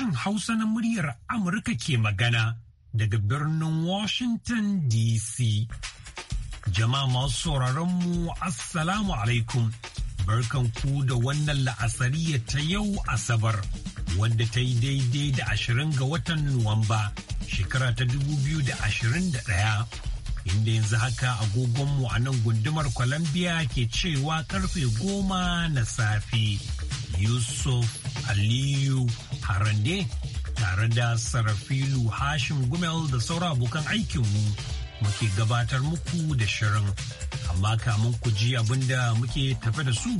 sashen Hausa na muryar Amurka ke magana daga birnin Washington DC. Jama'a masu sauraron mu Assalamu alaikum. Barkan ku da wannan la'asariya ta yau Asabar, wanda ta yi daidai da ashirin ga watan Nuwamba, shekara ta dubu biyu da ashirin da ɗaya. Inda yanzu haka agogonmu a nan gundumar Columbia ke cewa karfe goma na safe. Yusuf Aliyu Harande tare da Sarafilu Hashim Gumel da sauran abokan aikinmu muke gabatar muku da shirin. Amma kamun ku ji abinda muke tafe da su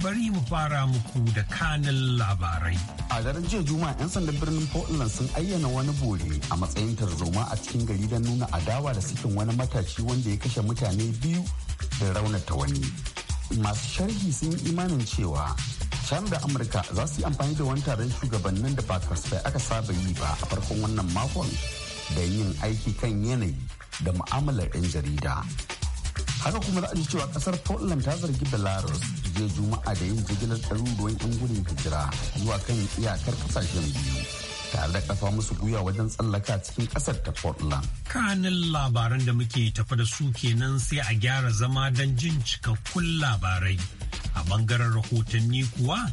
bari mu fara muku da kanin labarai. A daren jiya Juma'a 'yan sandan birnin Portland sun ayyana wani bore a matsayin tarzoma a cikin gari don nuna adawa da sikin wani matashi wanda ya kashe mutane biyu da raunata wani. Masu sharhi sun yi imanin cewa China da Amurka za su yi amfani da wani taron shugabannin da ba kasafai aka saba yi ba a farkon wannan makon da yin aiki kan yanayi da mu'amalar 'yan jarida. Haka kuma za a ji cewa kasar Portland ta zargi Belarus jiya Juma'a da yin jigilar ɗaruruwan 'yan gudun hijira zuwa kan iyakar kasashen biyu. tare da kafa musu guya wajen tsallaka cikin kasar ta Portland. Kanin labaran da muke tafa da su kenan sai a gyara zama don jin cikakkun labarai. a bangaren rahotanni kuwa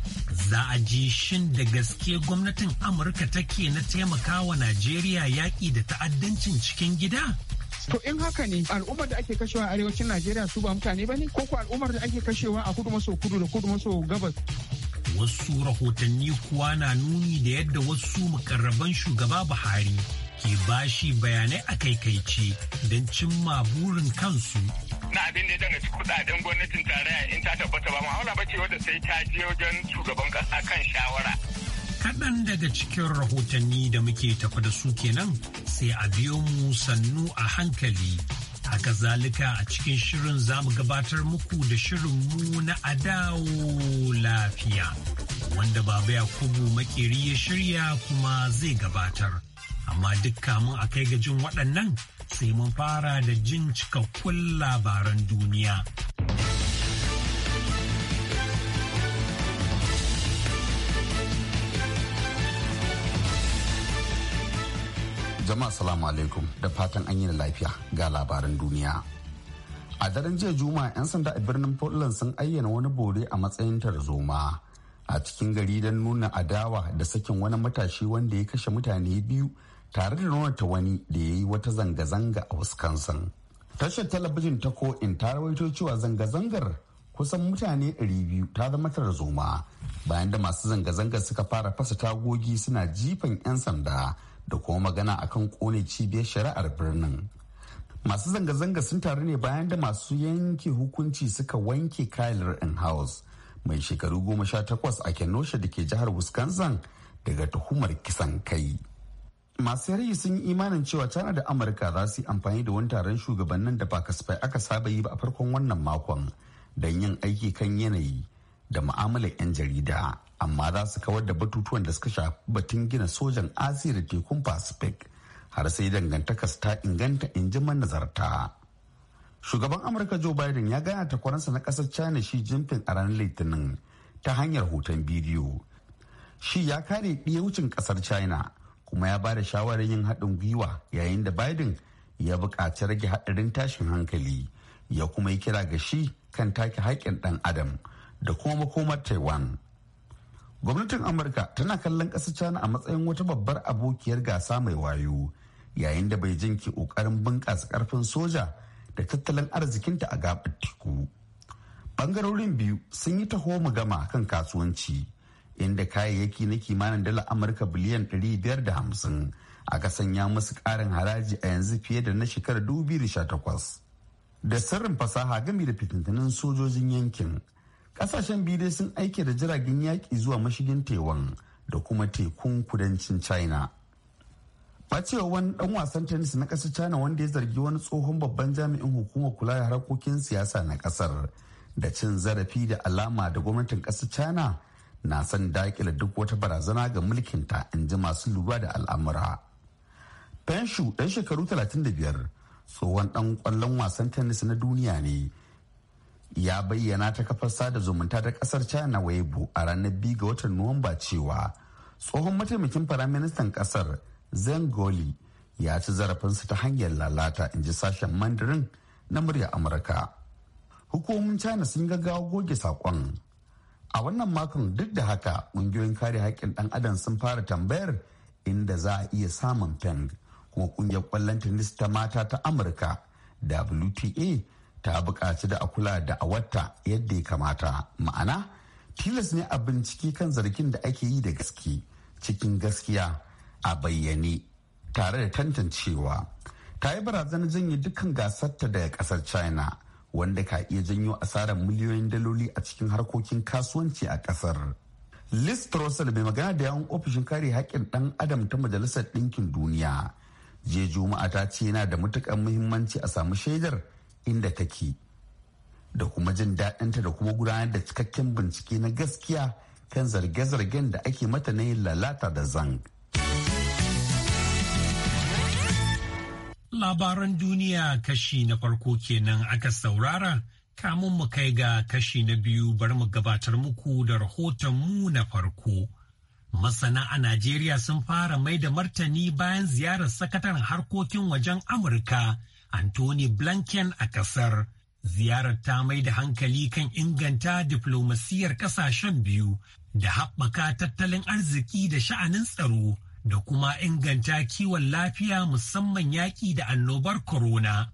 za a ji shin da gaske gwamnatin amurka take na taimakawa najeriya yaƙi da ta'addancin cikin gida To in haka ne al'ummar da ake kashewa a arewacin Najeriya su ba mutane ba ne? Ko ko al'ummar da ake kashewa a kudu maso kudu da kudu maso gabas? Wasu rahotanni kuwa na nuni da yadda wasu mukarraban shugaba Buhari ke bashi bayanai a ce don cimma burin kansu. na abin da ya dangaci kudaden gwamnatin tarayya in ta tabbata ba ma'aula ba ce wadda sai ta je wajen shugaban kasa kan shawara. Kaɗan daga cikin rahotanni da muke tafa da su kenan sai a biyo mu sannu a hankali. Haka zalika a cikin shirin za mu gabatar muku da shirin mu na adawo lafiya. Wanda ya kubu makeri ya shirya kuma zai gabatar. amma duk kamun a kai gajin waɗannan sai mun fara da jin cikakkun labaran duniya. Jama'a salamu alaikum da fatan an yi lafiya ga labaran duniya. A daren jiya Juma'a 'yan sanda a birnin Portland sun ayyana wani bore a matsayin tarzoma a cikin gari don nuna adawa da sakin wani matashi wanda ya kashe mutane biyu tare da nuna wani da ya yi wata zanga-zanga a Wisconsin. Tashar talabijin ta ko in ta rawaito cewa zanga-zangar kusan mutane 200 ta zama tarzoma bayan da masu zanga-zangar suka fara fasa tagogi suna jifan 'yan sanda da kuma magana akan kone cibiyar shari'ar birnin. Masu zanga-zanga sun taru ne bayan da masu yanke hukunci suka wanke Kyler in-house mai shekaru goma sha takwas a Kenosha da ke jihar Wisconsin daga tuhumar kisan kai. masu yari sun yi imanin cewa china da amurka za su yi amfani da wani taron shugabannin da ba kasafai aka saba yi ba a farkon wannan makon don yin aiki kan yanayi da ma'amalar 'yan jarida amma za su kawar da batutuwan da suka shafi batun gina sojan asiya da tekun pacific har sai dangantakas ta inganta in ji manazarta shugaban amurka joe biden ya gana takwaransa na kasar china shi jinping a ranar litinin ta hanyar hoton bidiyo shi ya kare ɗiya wucin kasar china kuma ya bada shawarar yin haɗin gwiwa yayin da biden ya buƙaci rage haɗarin tashin hankali ya kuma yi kira ga shi kan take haƙƙin ɗan adam da kuma makomar taiwan gwamnatin amurka tana kallon ƙasar china a matsayin wata babbar abokiyar gasa mai wayo yayin da bai ke ƙoƙarin bunƙasa ƙarfin soja da tattalin arzikinta a gaɓar teku ɓangarorin biyu sun yi taho mu gama kan kasuwanci inda kayayyaki na kimanin dala amurka biliyan 550 aka sanya musu karin haraji a yanzu fiye da na shekarar 2018 da sirrin fasaha gami da fitintunan sojojin yankin kasashen biyu dai sun aike da jiragen yaƙi zuwa mashigin taiwan da kuma tekun kudancin china bacewa wani dan wasan tennis na ƙasar china wanda ya zargi wani tsohon babban jami'in hukumar kula da harkokin siyasa na ƙasar da cin zarafi da alama da gwamnatin ƙasar china na son dakila duk wata barazana ga mulkinta in ji masu lura da al'amura. Fenshu ɗan shekaru 35 tsohon ɗan ƙwallon wasan tennis na duniya ne. Ya bayyana ta kafar sada zumunta ta ƙasar China Weibo a ranar 2 ga watan Nuwamba cewa tsohon mataimakin firaministan ƙasar Zeng Goli ya ci zarafinsa ta hanyar lalata in ji sashen Mandarin na murya Amurka. Hukumomin China sun gaggawa goge saƙon a wannan makon duk da haka ƙungiyoyin kare haƙƙin ɗan adam sun fara tambayar inda za a iya samun peng kuma ƙungiyar ƙwallon tennis ta mata ta amurka wta ta buƙaci da a kula da a wata yadda ya kamata ma'ana tilas ne a bincike kan zargin da ake yi da gaske cikin gaskiya a bayyane tare da tantancewa ta yi barazanar janye dukkan gasarta daga ƙasar china wanda ka iya janyo asarar miliyoyin daloli a cikin harkokin kasuwanci a kasar. Liz Trussell mai magana da yawon ofishin kare haƙƙin ɗan adam ta Majalisar Ɗinkin Duniya. Je Juma'a ta ce yana da matuƙar muhimmanci a samu shaidar inda take. Da kuma jin daɗinta da kuma gudanar da cikakken bincike na gaskiya kan zarge-zargen da ake mata na yin lalata da zang. Labaran duniya kashi na farko kenan aka saurara kamun mu kai ga kashi na biyu bar mu gabatar muku da rahoton mu na farko. Masana a Najeriya sun fara mai da martani bayan ziyarar sakataren harkokin wajen Amurka Anthony Blanken a kasar. Ziyarar ta mai da hankali kan inganta diflomasiyyar kasashen biyu da haɓaka tattalin arziki da sha'anin tsaro da kuma inganta kiwon lafiya musamman yaƙi da annobar corona.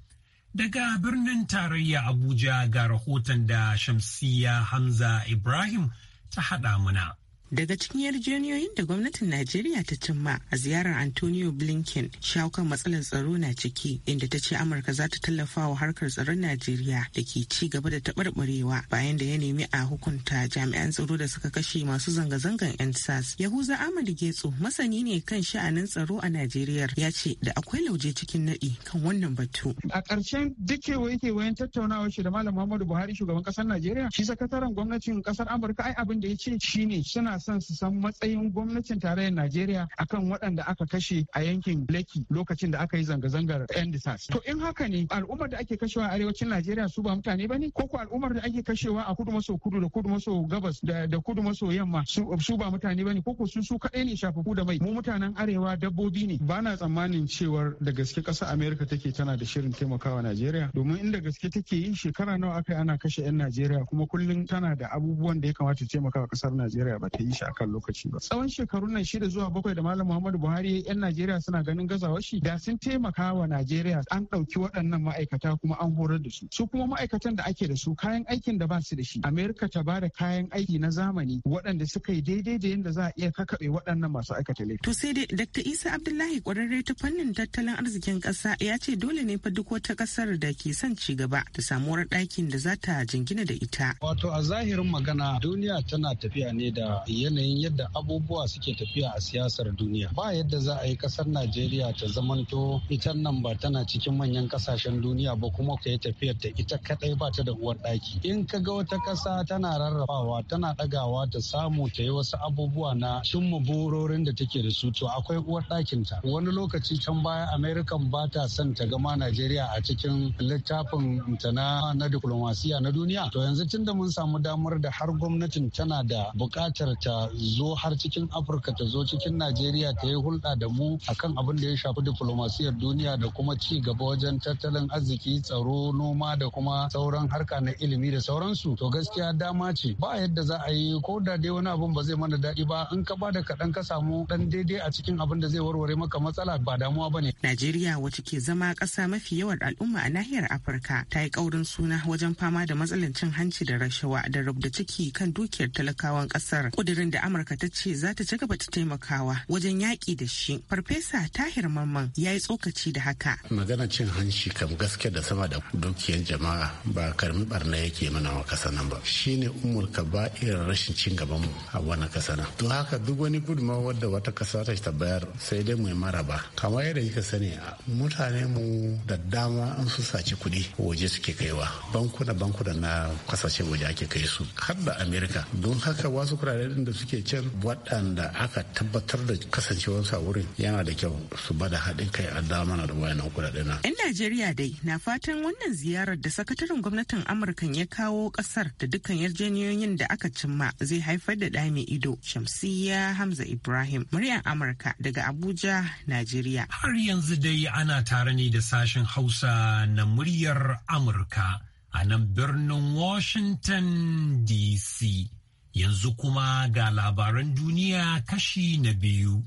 Daga birnin tarayya Abuja ga rahoton da Shamsiya Hamza Ibrahim ta haɗa muna. daga cikin yarjejeniyoyin da gwamnatin najeriya ta cimma a ziyarar antonio blinken shawo matsalar tsaro na ciki inda ta ce amurka za ta tallafa wa harkar tsaron najeriya da ke ci gaba da taɓarɓarewa bayan da ya nemi a hukunta jami'an tsaro da suka kashe masu zanga-zangan yan sas yahuza ahmad getso masani ne kan sha'anin tsaro a najeriya ya ce da akwai lauje cikin naɗi kan wannan batu a ƙarshen duk kewaye-kewayen tattaunawa shi da malam muhammadu buhari shugaban ƙasar najeriya shi sakataren gwamnatin ƙasar amurka ai abin da ya ce shine suna son su san matsayin gwamnatin tarayyar Najeriya akan waɗanda aka kashe a yankin Lekki lokacin da aka yi zanga-zangar Endisas. To in haka ne al'ummar da ake kashewa a arewacin Najeriya su ba mutane ba ne? Ko ko al'ummar da ake kashewa a kudu maso kudu da kudu maso gabas da kudu maso yamma su ba mutane ba ne? Ko ko su su kaɗai ne shafafu da mai? Mu mutanen arewa dabbobi ne. Ba na tsammanin cewar da gaske ƙasa Amerika take tana da shirin taimakawa Najeriya domin inda gaske take yin shekara nawa aka yi ana kashe 'yan Najeriya kuma kullum tana da abubuwan da ya kamata taimakawa ƙasar Najeriya ba ta yi. yi shi akan lokaci ba tsawon shekarun nan shida zuwa bakwai da malam muhammadu buhari yan najeriya suna ganin gazawar shi da sun taimaka wa najeriya an ɗauki waɗannan ma'aikata kuma an horar da su su kuma ma'aikatan da ake da su kayan aikin da ba su da shi amerika ta ba da kayan aiki na zamani waɗanda suka yi daidai da yadda za a iya kakaɓe waɗannan masu aikata laifi. to sai dai dr isa abdullahi kwararre ta fannin tattalin arzikin ƙasa ya ce dole ne fa duk wata ƙasar da ke son ci gaba ta samu ɗakin da za ta jingina da ita. wato a zahirin magana duniya tana tafiya ne da yanayin yadda abubuwa suke tafiya a siyasar duniya ba yadda za a yi kasar najeriya ta zamanto ita nan ba tana cikin manyan kasashen duniya ba kuma ka yi tafiyar ta ita kadai ba ta da uwar daki in ka ga wata ƙasa tana rarrabawa tana ɗagawa ta samu ta yi wasu abubuwa na cimma burorin da take da su to akwai uwar dakin ta wani lokaci can baya amerikan ba ta son ta gama najeriya a cikin littafin ta na na diplomasiya na duniya to yanzu tunda mun samu damar da har gwamnatin tana da buƙatar ta ta zo har cikin afirka ta zo cikin najeriya ta yi hulɗa da mu akan abin da ya shafi diplomasiyar duniya da kuma ci gaba wajen tattalin arziki tsaro noma da kuma sauran harka na ilimi da sauransu to gaskiya dama ce ba yadda za a yi ko da dai wani abun ba zai mana daɗi ba in ka bada kaɗan ka samu ɗan daidai a cikin abin da zai warware maka matsala ba damuwa ba ne. Najeriya wacce ke zama ƙasa mafi yawan al'umma a nahiyar Afirka ta yi ƙaurin suna wajen fama da matsalar cin hanci da rashawa da rubda ciki kan dukiyar talakawan ƙasar. kudirin da amurka ta ce za ta ci ta taimakawa wajen yaƙi da shi farfesa tahir mamman ya yi tsokaci da haka magana cin hanci kam gaskiya da sama da dukiyar jama'a ba karmi barna yake mana wa kasa nan ba shi shine umurka ba irin rashin cin gaban mu a wannan kasa nan to haka duk wani gudunmawa wadda wata kasa ta bayar sai dai mu yi ba. kamar yadda kika sani mutane mu da dama an su saci kuɗi waje suke kaiwa bankuna bankuna na kasashen waje ake kai su har da amerika don haka wasu kurare mutanen da suke can waɗanda aka tabbatar da kasancewarsa wurin yana da kyau su bada haɗin kai a damana da wayan na. 'Yan Najeriya dai na fatan wannan ziyarar da sakataren gwamnatin Amurka ya kawo ƙasar da dukkan yarjejeniyoyin da aka cimma zai haifar da ɗa mai ido. Shamsiyya Hamza Ibrahim, muryar Amurka daga Abuja, Najeriya. Har yanzu dai ana tare ne da sashen Hausa na muryar Amurka a nan birnin Washington DC. Yanzu kuma ga labaran duniya kashi na biyu.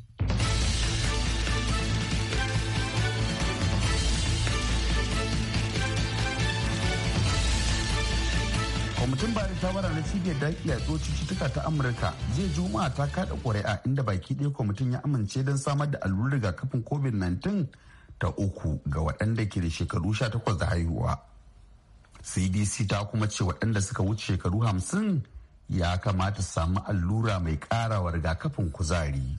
kwamitin bari ta shawara na cibiyar da ya cututtuka ta amurka zai juma'a ta kada ƙuri'a inda baki ɗaya kwamitin ya amince don samar da allurar rigakafin covid-19 ta uku ga waɗanda ke da shekaru 18 da haihuwa cdc ta kuma ce waɗanda suka wuce shekaru 50 ya kamata samu allura mai karawa rigakafin kuzari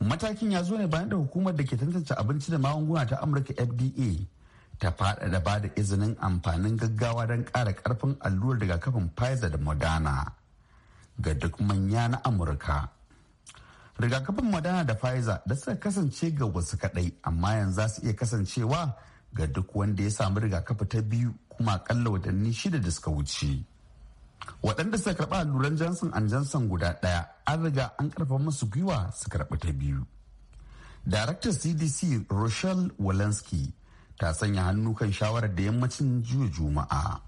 matakin ya zo ne bayan da hukumar da ke tantance abinci da magunguna ta amurka fda ta fada ba da izinin amfanin gaggawa don ƙara ƙarfin allurar rigakafin pfizer da moderna ga duk manya na amurka rigakafin moderna da pfizer da suka kasance ga wasu kadai amma yanzu za su iya kasancewa ga duk wanda ya samu rigakafi ta biyu kuma akalla watanni shida da suka wuce waɗanda suka karɓa alluran johnson and johnson guda ɗaya an riga an karfa musu gwiwa su karɓi ta biyu daraktar cdc rochelle walensky ta sanya hannu kan shawarar da yammacin jiya juma'a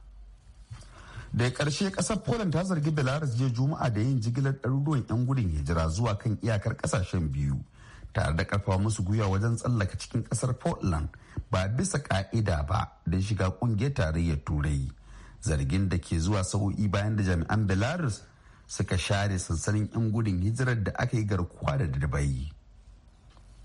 daga ƙarshe ƙasar poland ta zargi belarus jiya juma'a da yin jigilar ɗaruruwan 'yan gudun hijira zuwa kan iyakar ƙasashen biyu tare da ƙarfafa musu gwiwa wajen tsallaka cikin ƙasar poland ba bisa ƙa'ida ba don shiga ƙungiyar tarayyar turai zargin da ke zuwa sa'o'i bayan da jami'an belarus suka share sansanin 'yan gudun hijirar da aka yi garkuwa da dubai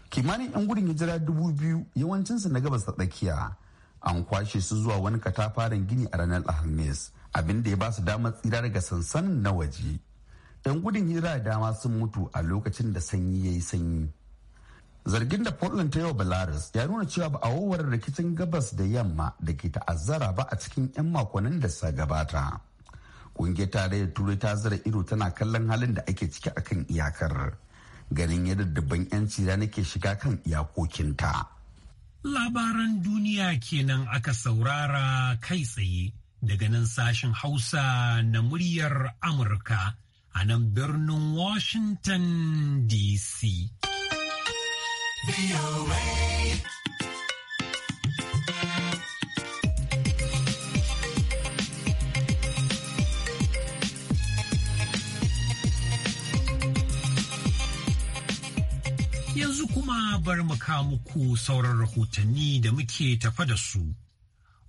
kimanin 'yan gudun hijira dubu biyu yawancinsu na gabas ta tsakiya an kwashe su zuwa wani katafaren gini a ranar alhamis abin da ya ba su damar tsira daga sansanin na waje 'yan gudun hijira dama sun mutu a lokacin da sanyi ya yi sanyi zargin da portland ta yau belarus ya nuna cewa ba a wawar rikicin gabas da yamma da ke ta'azzara ba a cikin 'yan makonin da sa gabata ƙungiyar tarayyar turai ta zara ido tana kallon halin da ake ciki akan iyakar ganin yadda dubban 'yanci da nake shiga kan iyakokinta labaran duniya kenan aka saurara kai tsaye daga nan sashen hausa na muryar amurka a nan birnin washington dc Yanzu kuma bar mu kawo sauran rahotanni da muke tafa da su.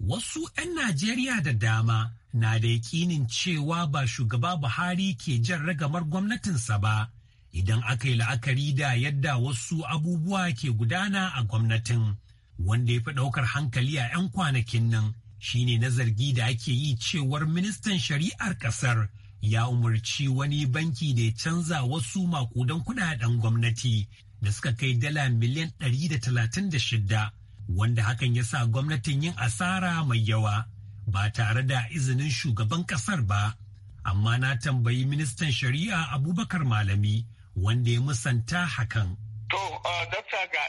Wasu 'yan Najeriya da dama na da yakinin cewa ba shugaba Buhari ke jan ragamar gwamnatinsa ba. idan aka yi la'akari da yadda wasu abubuwa ke gudana a gwamnatin wanda ya fi ɗaukar hankali a 'yan kwanakin nan shine na zargi da ake yi cewar ministan shari'ar ƙasar ya umarci wani banki da ya canza wasu makudan kudaden gwamnati da suka kai dala miliyan 136 wanda hakan ya sa gwamnatin yin asara mai yawa ba tare da izinin shugaban ƙasar ba amma na tambayi ministan shari'a abubakar malami wanda ya musanta hakan. To, uh, dokta ga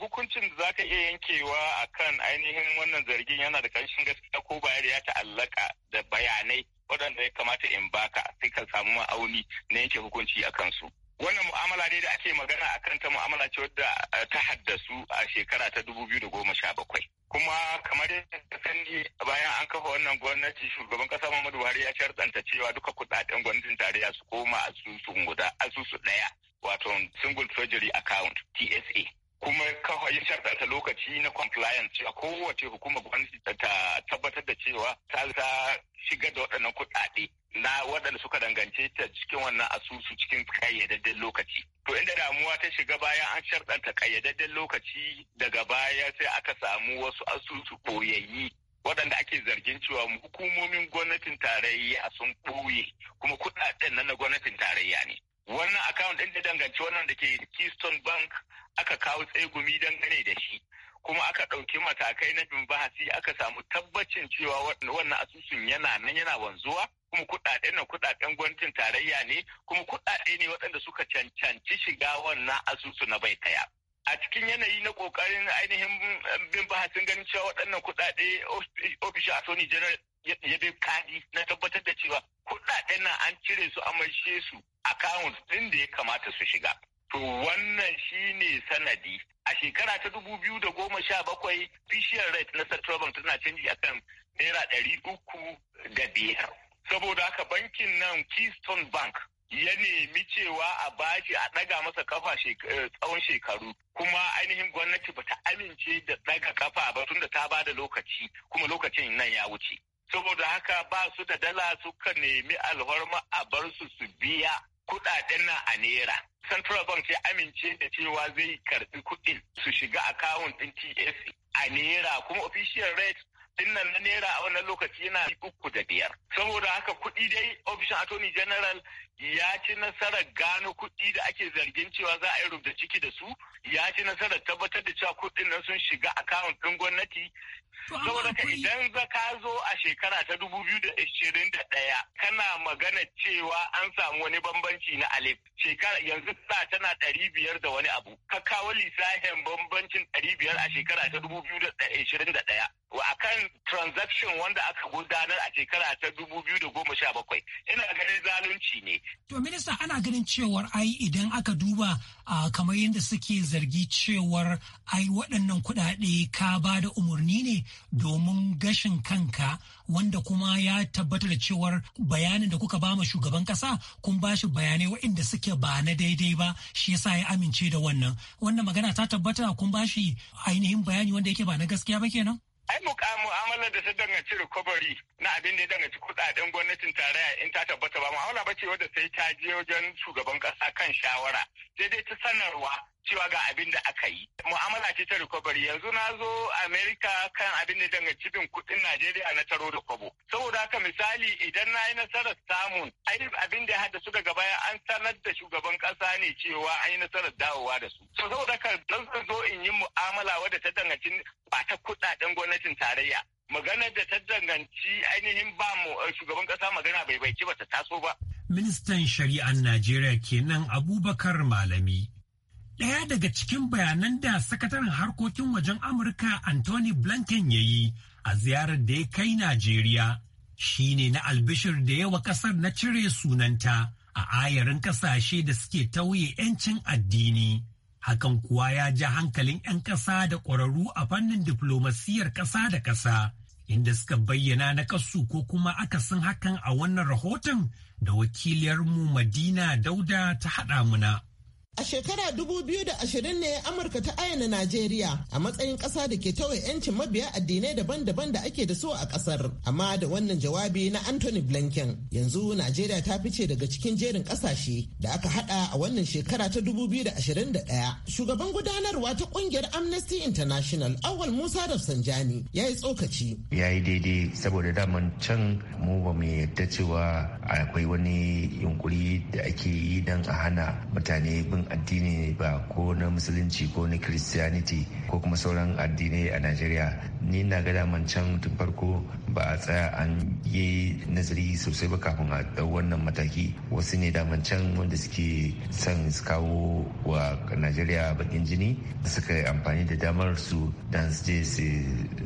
hukuncin da za ka iya yankewa a kan ainihin wannan zargin yana da ƙarshen gaskiya ko bayar ya ta'allaka da bayanai waɗanda ya kamata in baka sai ka samu ma'auni na yanke hukunci a kansu. wannan mu'amala ne da ake magana a kanta mu'amala ce wadda eh, ta haddasu a shekara ta dubu biyu da goma sha bakwai. kuma kamar yadda sani bayan an kafa wannan gwamnati shugaban kasa Muhammadu Buhari ya sharɗanta cewa duka kuɗaɗen gwamnatin tarayya su koma asusun guda asusu ɗaya wato single treasury account TSA kuma kawai ya sharɗanta lokaci na compliance cewa kowace hukumar gwamnati ta tabbatar da cewa ta shigar da waɗannan kuɗaɗe na waɗanda suka danganci ta cikin wannan asusu cikin kayyadadden lokaci. To inda damuwa ta shiga bayan an sharɗanta kayyadadden lokaci daga baya sai aka samu wasu asusu ɓoyayyi waɗanda ake zargin cewa hukumomin gwamnatin tarayya sun ɓoye kuma kuɗaɗen nan na gwamnatin tarayya ne. Wannan akawun ɗin da danganci wannan da ke Keystone Bank aka kawo tsegumi dangane da shi. kuma aka ɗauki matakai na bin bahasi aka samu tabbacin cewa wannan asusun yana nan yana wanzuwa kuma kuɗaɗen na kuɗaɗen gwamnatin tarayya ne kuma kuɗaɗe ne waɗanda suka cancanci shiga wannan asusu na bai kaya. a cikin yanayi na kokarin ainihin eh, bin bahasin ganin cewa waɗannan kuɗaɗe ofishin Atoni general ya bi kadi na tabbatar da cewa kuɗaɗen na an cire su a maishe su account ɗin da ya kamata su shiga. To wannan shi ne sanadi a shekara ta dubu biyu da goma sha bakwai bishiyar rate na central bank tana canji akan naira ɗari uku da biyar. saboda haka bankin nan keystone bank ya nemi cewa a bashi a ɗaga masa kafa eh, tsawon shekaru kuma ainihin gwamnati bata amince da ɗaga kafa ba tunda ta ba da lokaci kuma lokacin nan ya wuce saboda haka ba su da dala suka nemi alhorma a bar su su biya kudaden nan a nera. central bank ya amince da cewa zai karbi kudin su shiga akawun din tsa a nera, kuma official rate dinnan na naira a wannan lokaci yana uku da biyar saboda haka kuɗi dai ofishin attorney general ya ci nasarar gano kuɗi da ake zargin cewa za a yi rubda ciki da su ya ci nasarar tabbatar da cewa kuɗin nan sun shiga akawun ɗin gwamnati saboda ka idan za ka zo a shekara ta dubu biyu da ashirin da ɗaya kana magana cewa an samu wani bambanci na alif shekara yanzu sa tana ɗari biyar da wani abu ka kawo lissafin bambancin ɗari biyar a shekara ta dubu biyu da ashirin da ɗaya a kan transaction wanda aka gudanar a shekara ta dubu biyu da goma sha bakwai ina ganin zalunci ne To minista ana ganin cewar ai idan aka duba uh, kamar yadda suke zargi cewar ai waɗannan kuɗaɗe ka ba da umarni ne domin gashin kanka wanda kuma ya tabbatar da cewar bayanin da kuka ba ma shugaban ƙasa kun ba shi bayanai waɗanda suke ba na daidai ba shi yasa ya amince da wannan. Wannan magana ta tabbata kun ba shi ainihin bayani wanda yake ba na gaskiya ba kenan? ai mu'amalar da ta danganci recovery na abin da ya danganci kuɗaɗen gwamnatin tarayya in ta tabbata ba muhawara ba ce wadda sai ta je wajen shugaban kasa kan shawara sai dai ta sanarwa cewa ga abin da aka yi mu'amala ce ta recovery yanzu na zo america kan abin da danganci bin kudin najeriya na taro da kwabo saboda haka misali idan na yi nasarar samun abin da ya su daga baya an sanar da shugaban kasa ne cewa an yi nasarar dawowa da su saboda haka don zo in yi mu'amala wadda ta danganci ba ta kudaden gwamnatin tarayya maganar da ta danganci ainihin ba mu eh, shugaban kasa magana bai baki ba ta taso ba. Ministan shari'an Najeriya kenan Abubakar Malami. Ɗaya daga cikin bayanan da sakataren harkokin wajen Amurka Anthony Blinken ya yi a ziyarar da ya kai Najeriya shi ne na albishir da yawa ƙasar na cire sunanta a ayarin ƙasashe da suke tauye 'yancin addini. hakan kuwa ya ja hankalin 'yan ƙasa da ƙwararru a fannin diflomasiyyar ƙasa da ƙasa inda suka bayyana na kasu ko kuma aka akasin hakan a wannan rahoton da wakiliyarmu madina dauda ta haɗa muna A shekara 2020 ne Amurka ta ayyana Najeriya a matsayin ƙasa da ke tawaye 'yancin mabiya addinai daban-daban da ake da so a ƙasar. Amma da wannan jawabi na Anthony Blinken yanzu Najeriya ta fice daga cikin jerin ƙasashe da aka hada a wannan shekara ta 2021. Shugaban gudanarwa ta ƙungiyar Amnesty International Awal Musa da Sanjani ya yi tsokaci. Ya yi daidai saboda daman can mu ba mu yadda cewa akwai wani yunkuri da ake yi don a hana mutane bin addini ne ba ko na musulunci ko na christianity ko kuma sauran addinai a nigeria ni na ga daman can tun farko ba a tsaya an yi nazari sosai ba kafin a dau wannan mataki wasu ne daman can wanda suke son su kawo wa nigeria bakin jini suka yi amfani da damar su dan su je su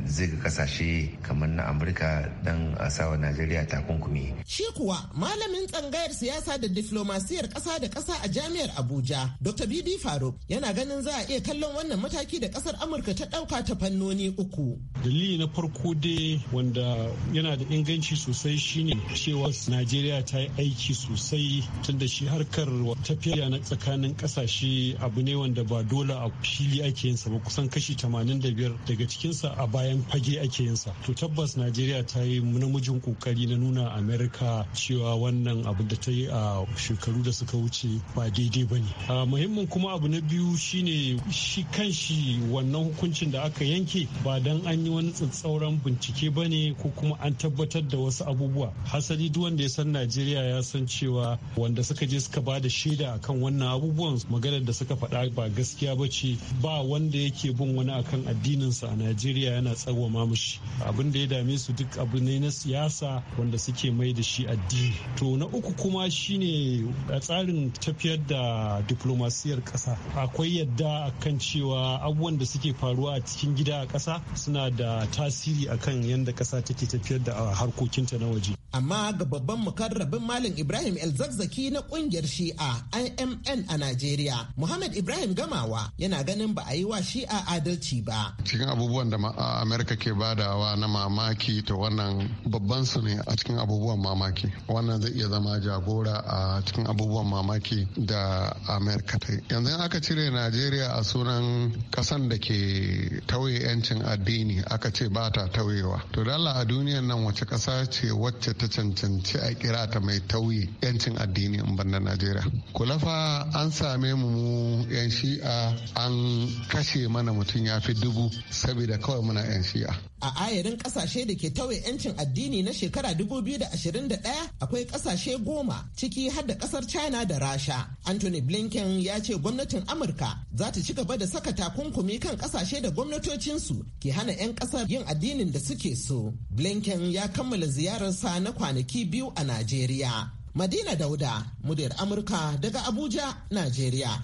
ziga kasashe kamar na amurka dan a wa nigeria takunkumi shi kuwa malamin tsangayar siyasa da diflomasiyar kasa da kasa a jami'ar abuja Dr. BB Faruk yana ganin za a iya kallon wannan mataki da kasar Amurka ta ɗauka ta fannoni uku. Dalili na farko dai wanda yana da inganci sosai shine cewa Najeriya ta yi aiki sosai tunda shi harkar tafiya na tsakanin kasashe abu ne wanda ba dole a fili ake yinsa ba kusan kashi 85 daga cikinsa a bayan fage ake yinsa to tabbas najeriya ta yi namijin kokari na nuna amerika cewa wannan abu da ta yi a shekaru da suka wuce ba daidai ba ne muhimmin kuma abu na biyu shine shi kan shi wannan hukuncin da aka yanke ba dan an yi wani tsatsauran bincike ba ne ko kuma an tabbatar da wasu abubuwa hasali duk wanda ya san najeriya ya san cewa wanda suka je suka ba da shaida akan wannan abubuwan maganar da suka faɗa ba gaskiya ba ce ba wanda yake bin wani akan addininsa a najeriya yana tsawama mushi abin da ya dame su duk abu ne na siyasa wanda suke mai da shi addini to na uku kuma shine a tsarin tafiyar da diplomasiyar kasa akwai yadda kan cewa abubuwan da suke faruwa a cikin gida a kasa suna da tasiri akan yadda ƙasa take tafiyar da harkokinta na waje amma ga babban mukarrabin malam ibrahim elzakzaki na kungiyar shi'a imn a nigeria muhammad ibrahim gamawa yana ganin ba a yi wa shi'a adalci ba cikin abubuwan da amerika ke badawa na mamaki to wannan babban su ne a cikin abubuwan mamaki wannan zai iya zama jagora a cikin abubuwan mamaki da amerika ta yanzu aka cire najeriya a sunan kasan da ke tauye 'yancin addini aka ce ba ta tauyewa to dala a duniyan nan wace kasa ce wacce ta cancanci a kira ta mai tauye 'yancin addini in banda najeriya kulafa an same mu mu 'yan shi'a an kashe mana mutum ya fi dubu saboda kawai muna 'yan shi'a a ayarin kasashe da ke tauye 'yancin addini na shekara 2021 akwai kasashe goma ciki har da kasar china da rasha anthony blinken ya ce gwamnatin amurka za ta ci gaba da saka takunkumi kan kasashe da gwamnatocinsu ke hana 'yan kasar yin addinin da suke so blinken ya kammala ziyararsa na kwanaki biyu a najeriya madina dauda muryar amurka daga abuja najeriya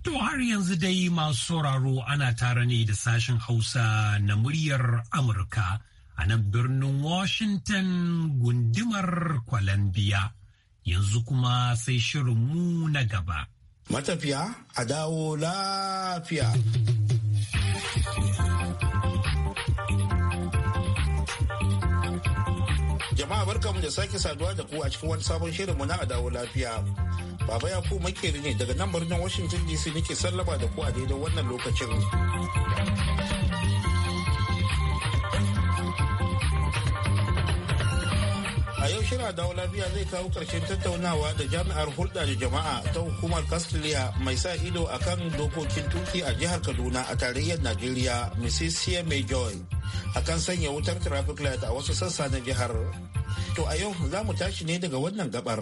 To har yanzu dai masu sauraro ana tare ne da sashen Hausa na muryar Amurka a nan birnin Washington gundumar Columbia. Yanzu kuma sai shirinmu na gaba. Matafiya a dawo lafiya. Jama'a barkamu da sake saduwa da ku a cikin wani sabon shirinmu na a dawo lafiya. Baba ya ku makeri ne daga nan birnin Washington DC nake sallaba da ku a daidai wannan lokacin. A yau shirin dawo lafiya zai kawo ƙarshen tattaunawa da jami'ar hulɗa da jama'a ta hukumar Kastiliya mai sa ido a kan dokokin tuki a jihar Kaduna a tarayyar Najeriya, Mrs. CMA Joy, a kan sanya wutar traffic light a wasu sassa na jihar. To a yau za mu tashi ne daga wannan gabar.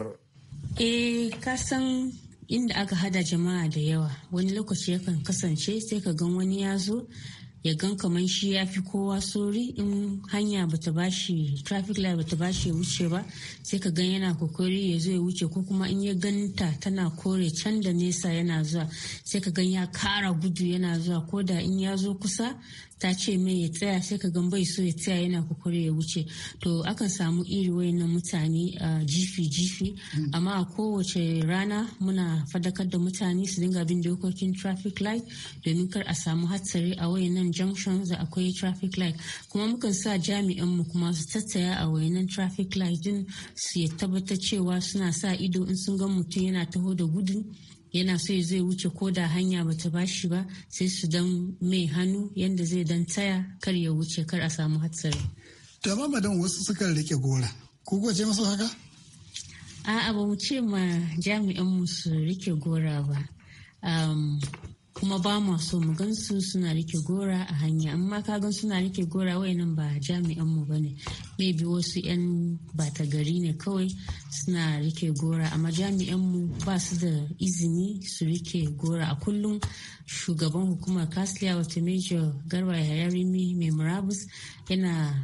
eh san inda aka hada jama'a da yawa wani lokaci yakan kasance sai ka gan wani ya zo ya gan kamar shi ya fi kowa sori in hanya bata bashi traffic light bata bashi ya wuce ba sai ka gan yana kokari ya zo ya wuce ko kuma in ya ganta tana kore can da nesa yana zuwa sai ka gan ya kara gudu yana zuwa ko da in ya zo kusa ta ce mai ya tsaya sai ka gan bai so ya tsaya yana kokari ya wuce to akan samu iri wayannan mutane a jifi jifi mm. amma a kowace rana muna fadakar da mutane su dinga bin dokokin traffic light domin kar a samu hatsari a wayannan junctions da akwai traffic light kuma mukan sa jami'an mu kuma su tattaya a wayannan traffic light din su ya tabbatar cewa suna sa ido in sun ga mutum yana taho da gudun yana so ya zai wuce ko da hanya bata bashi ba sai su dan mai hannu yanda zai dan taya kar ya wuce kar a samu hatsari. Ta madan wasu sukan rike gora, ko kuwa ce masu haka? A'a ba mu ce ma jami'an mu su rike gora ba. kuma ba mu so mu gansu suna rike gora a hanya amma ka gan suna rike gora wayannan ba jami'an mu bane maybe wasu yan bata gari ne kawai suna rike gora amma jami'an mu ba su da izini su rike gora a kullum shugaban hukumar kasliya wata major garba yarimi mai murabus yana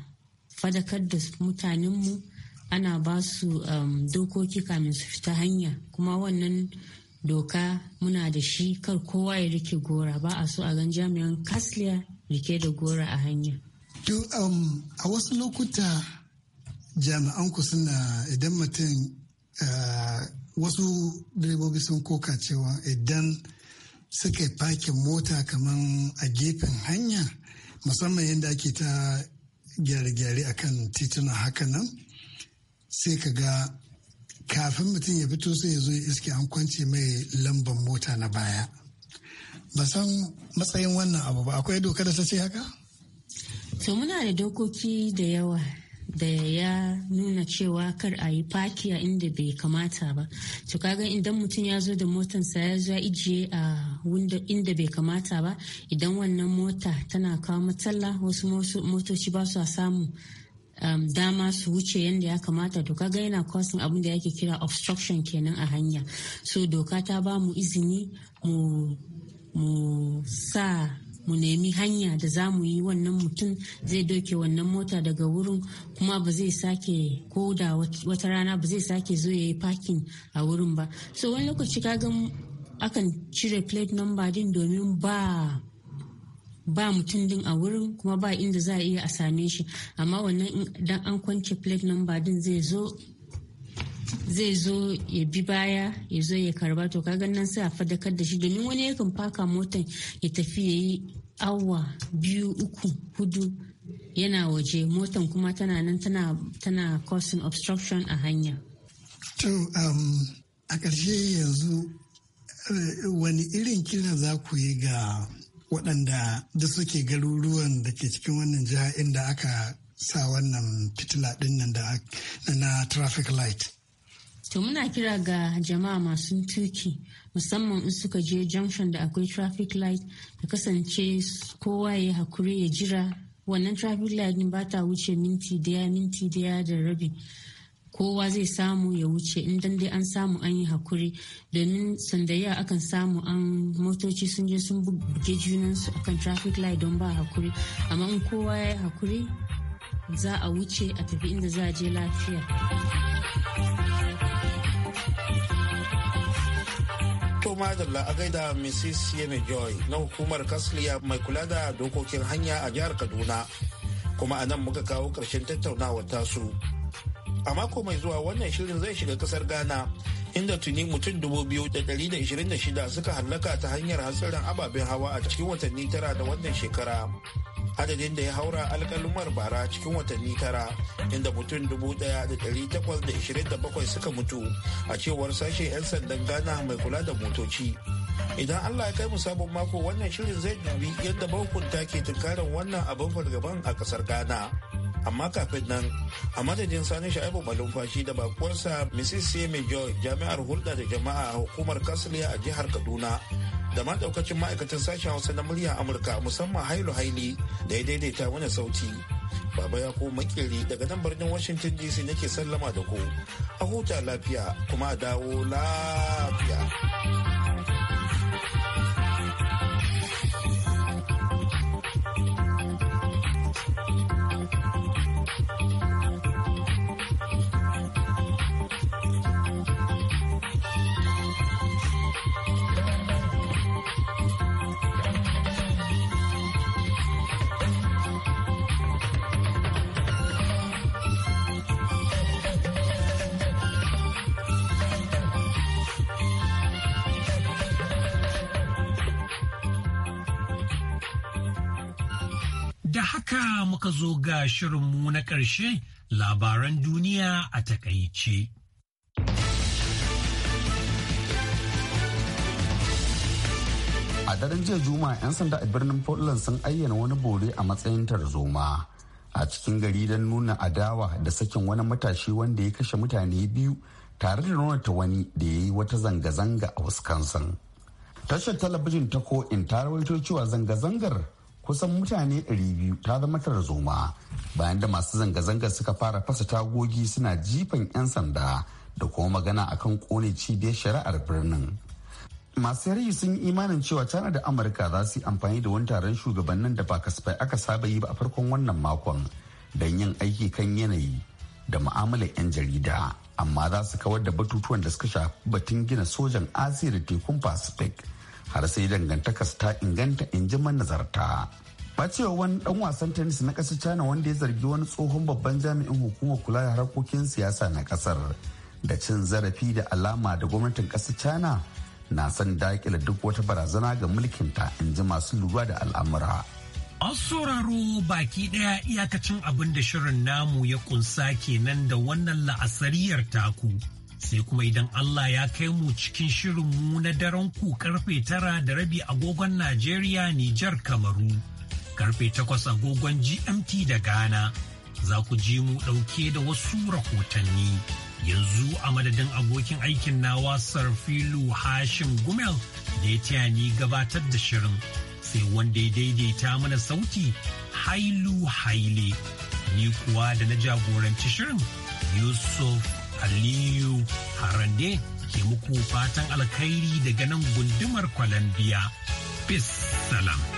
fadakar da mutanen mu ana ba su um, dokoki kamin su fita hanya kuma wannan doka muna da shi kar kowa ya rike gora ba a so a gan jami'an kasliya rike da gora a hanya. To um, a wasu lokuta jami'an ku suna idan mutum uh, wasu direbobi sun koka cewa idan suka fakin mota kamar a gefen hanya musamman yadda ake ta gyare-gyare akan tituna haka nan sai ka ga kafin mutum ya fito sai ya zo iske an kwance mai lambar mota na baya ba san matsayin wannan abu ba akwai doka da ta ce haka to muna da dokoki da yawa da ya nuna cewa kar a yi faki a inda bai kamata ba to kaga idan mutum ya zo da motansa ya zo ijiye a inda bai kamata ba idan wannan mota tana kawo matsala wasu motoci ba su samu Um, dama su wuce yadda ya kamata to kaga yana causing abin da yake kira obstruction kenan a hanya so doka ta ba mu izini mu sa mu nemi hanya da za mu yi wannan mutum zai doke wannan mota daga wurin kuma ba zai sake ko da wata rana ba zai sake zo ya yi parking a wurin ba so wani lokaci kaga akan cire plate number din domin ba ba mutum din a wurin kuma ba inda za a iya a same shi amma wannan dan an kwance plate number din zai zo zai zo ya bi baya ya zo ya karba to kaga nan sai a fadakar da shi domin wani yakan faka motan ya tafi ya yi awa biyu uku hudu yana waje motan kuma tana nan tana causing obstruction a hanya to um, a ƙarshe yanzu eh, wani irin kiran za ku yi ga waɗanda da suke garuruwan da ke cikin wannan jiha inda aka sa wannan fitila ɗin nan da na traffic light. To muna kira ga jama'a masu tuki musamman in suka je junction da akwai traffic light da kasance kowa ya hakuri ya jira wannan traffic light ba ta wuce minti daya minti daya da rabi kowa zai samu ya wuce in dai an samu an yi hakuri domin sandaya akan samu an motoci sun je sun buge junansu akan traffic light don ba hakuri amma in kowa ya yi hakuri za a wuce a tafi inda za a je lafiya madalla a gaida mrs yemi joy na hukumar kasliya mai kula da dokokin hanya a jihar kaduna kuma a nan muka kawo ƙarshen tattaunawar tasu a mako mai zuwa wannan shirin zai shiga kasar ghana inda tuni mutum 2,226 suka hallaka ta hanyar hatsarin ababen hawa a cikin watanni tara da wannan shekara adadin da ya haura alkalumar bara cikin watanni tara inda mutum 1,827 suka mutu a cewar sashe 'yan sandan ghana mai kula da motoci idan allah ya kai mu sabon mako wannan shirin zai dubi yadda mahukunta ke tunkarin wannan abin fargaban a kasar ghana amma kafin nan a madadin sani sha'ibu balumfashi da bakuwarsa mrs simi joy jami'ar hulɗa da jama'a a hukumar kasliya a jihar kaduna da ma daukacin ma'aikatan sashen hausa na murya amurka musamman hailu haili da ya daidaita wani sauti baba ya ko makeri daga nan birnin washington dc nake sallama da ku a huta lafiya kuma a dawo lafiya haka muka zo ga shirinmu na ƙarshe labaran duniya a takaice. A daren jiya Juma'a 'yan sanda a birnin Portland sun ayyana wani bore a matsayin tarzoma. A cikin gari don nuna adawa da sakin wani matashi wanda ya kashe mutane biyu tare da nuna wani da ya yi wata zanga-zanga a Wisconsin. Tashar talabijin ta ko'in ta rawaito cewa zanga-zangar kusan mutane 200 ta zama tarzoma bayan da masu zanga zanga suka fara fasa tagogi suna jifan 'yan sanda da kuma magana akan kone cibiyar shari'ar birnin masu yari sun yi imanin cewa china da amurka za su yi amfani da wani taron shugabannin da ba kasafai aka saba yi ba a farkon wannan makon don yin aiki kan yanayi da mu'amalar 'yan jarida amma za su kawar da batutuwan da suka shafi batun gina sojan asiya da tekun pacific har sai dangantakas ta inganta in ji nazarta. Bacewa wani dan wasan tennis na kasar China wanda ya zargi wani tsohon babban jami'in hukumar kula da harkokin siyasa na kasar da cin zarafi da alama da gwamnatin kasar China na son dakila duk wata barazana ga mulkinta in ji masu lura da al'amura. An sauraro baki daya iyakacin abin da shirin namu ya kunsa kenan da wannan la'asariyar taku. sai kuma idan Allah ya kai mu cikin shirin mu na daren ku karfe tara da rabi agogon Najeriya Nijar Kamaru, karfe takwas agogon GMT da Ghana za ku ji mu ɗauke da wasu rahotanni. Yanzu a madadin abokin aikin nawa Sarfilu Hashim Gumel da ya taya ni gabatar da shirin sai wanda ya daidaita mana sauti Hailu Haile. Ni kuwa da na jagoranci shirin Yusuf Aliyu Harande ke muku fatan alkhairi daga nan gundumar Columbia. Peace salam.